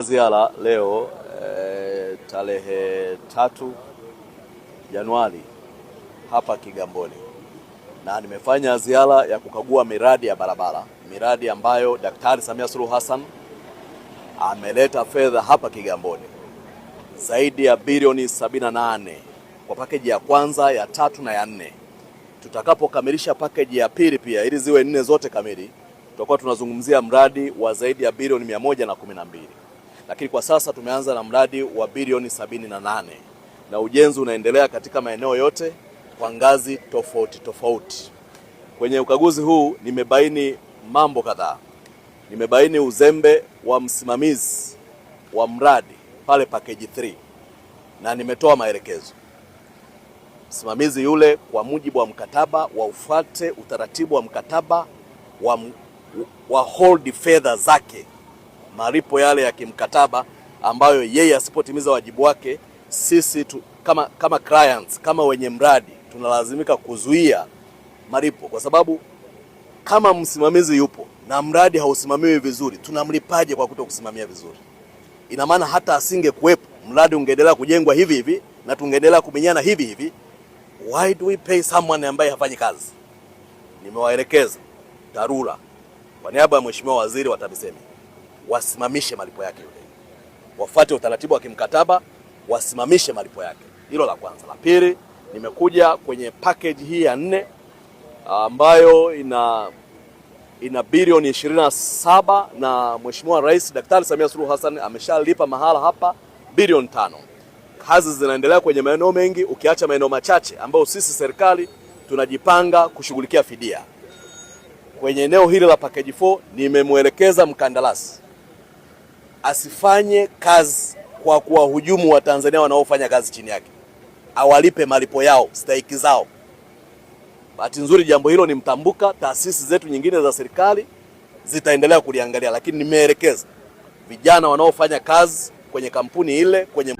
Ziara leo e, tarehe tatu Januari hapa Kigamboni, na nimefanya ziara ya kukagua miradi ya barabara, miradi ambayo Daktari Samia Suluhu Hassan ameleta fedha hapa Kigamboni zaidi ya bilioni 78 kwa pakeji ya kwanza, ya tatu na ya nne. Tutakapokamilisha pakeji ya pili pia ili ziwe nne zote kamili, tutakuwa tunazungumzia mradi wa zaidi ya bilioni mia moja na kumi na mbili lakini kwa sasa tumeanza na mradi wa bilioni sabini na nane na ujenzi unaendelea katika maeneo yote kwa ngazi tofauti tofauti. Kwenye ukaguzi huu nimebaini mambo kadhaa. Nimebaini uzembe wa msimamizi wa mradi pale package 3 na nimetoa maelekezo msimamizi yule, kwa mujibu wa mkataba, waufuate utaratibu wa mkataba wa, wa hold fedha zake malipo yale ya kimkataba ambayo yeye asipotimiza wajibu wake, sisi tu, kama, kama clients kama wenye mradi tunalazimika kuzuia malipo, kwa sababu kama msimamizi yupo na mradi hausimamiwi vizuri, tunamlipaje kwa kusimamia vizuri? Ina maana hata asinge kuwepo mradi ungeendelea kujengwa hivi hivi na tungeendelea kumenyana hivi hivi. Why do we pay someone ambaye hafanyi kazi? Nimewaelekeza TARURA kwa niaba ya Mheshimiwa Waziri wa TAMISEMI wasimamishe malipo yake yule, wafuate utaratibu wa kimkataba, wasimamishe malipo yake. Hilo la kwanza. La pili, nimekuja kwenye package hii ya nne ambayo ina ina bilioni saba na Mheshimiwa Rais Daktari Samia Suluhu Hassan ameshalipa mahala hapa bilioni tano. Kazi zinaendelea kwenye maeneo mengi, ukiacha maeneo machache ambayo sisi serikali tunajipanga kushughulikia fidia. Kwenye eneo hili la package 4 nimemwelekeza mkandarasi asifanye kazi kwa kuwahujumu Watanzania wanaofanya kazi chini yake, awalipe malipo yao, stahiki zao. Bahati nzuri jambo hilo ni mtambuka, taasisi zetu nyingine za serikali zitaendelea kuliangalia, lakini nimeelekeza vijana wanaofanya kazi kwenye kampuni ile kwenye